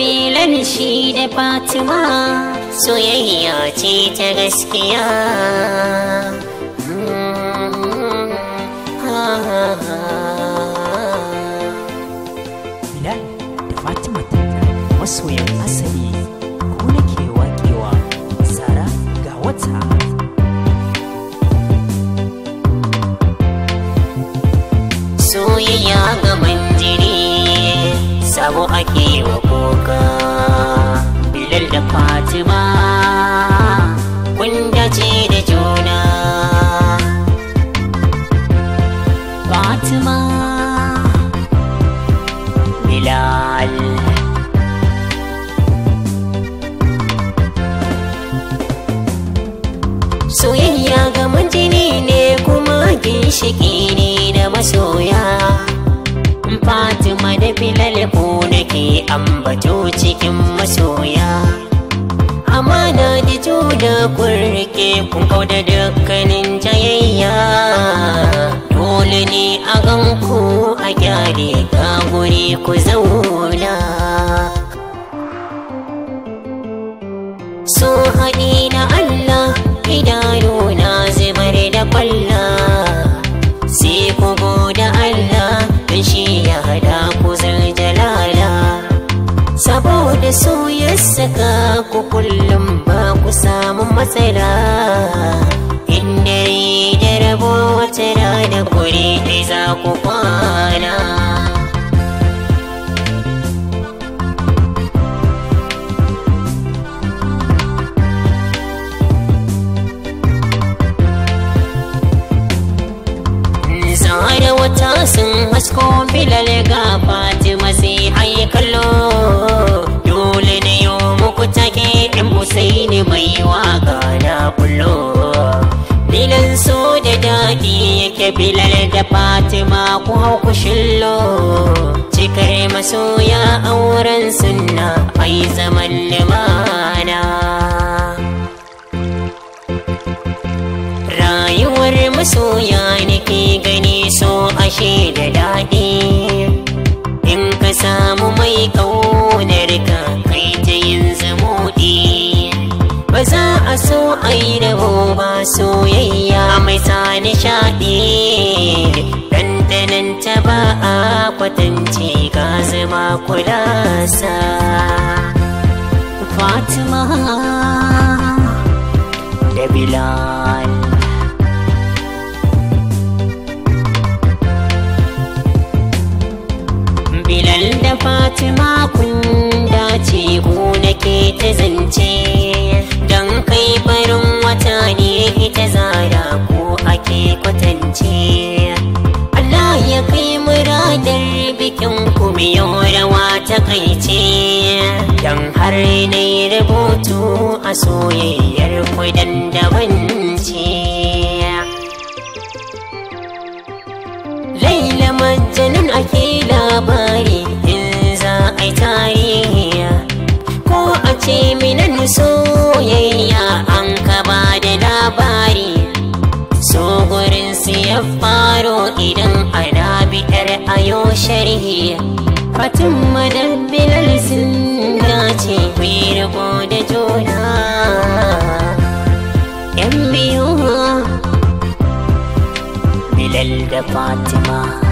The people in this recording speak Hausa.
belan shi da fatima soyayya ce ta gaskiya Bilal da Fatima tana masoyan asali ko nake wakewa tsara ga wata. soyayya ga manjiri sabo ake wa yi soyayya ga jini ne kuma ginshiki ne na masoya fatima da bilal ko nake ambato cikin masoya amana da juna kun rike kun kauda dukkanin jayayya dole ne a ganku a gyare ga guri ku zauna haɗi na Allah idanu na zubar da kwalla sai ku goda Allah don shi ya hada ku jalala saboda so ya saka ku kullum ba ku samu matsala inda da rabo wata rana kuri za ku kwana mata sun hasko bilal ga fatima sai ai kallo dole ne yo muku take in husaini mai waka na kullo bilan so da daki yake bilal da fatima ku hau ku shillo cikar masoya auren sunna ai zaman limana rayuwar masoya nake ga she da daɗi in ka samu mai ƙaunar ka kai ta yin zamuɗi ba za a so a yi rabo ba soyayya mai sa nishaɗi ɗanɗananta ta ba a kwatance ka zama kulasa Fatima bilal da fatima kun dace ku nake ta zance don kai barin wata ne ita zara ko ake kwatance Allah ya kai muradar bikin ku rawa ta kaice don har na yi rubutu a soyayyar ku dandaban ce laila ake akila labari in za a yi tarihiya ko a ce minan soyayya an ka ba da labari so gurin su ya faro idan ana bitar ayo sharhi fatin bilal sun dace ku da juna yan biyu Bilal da Fatima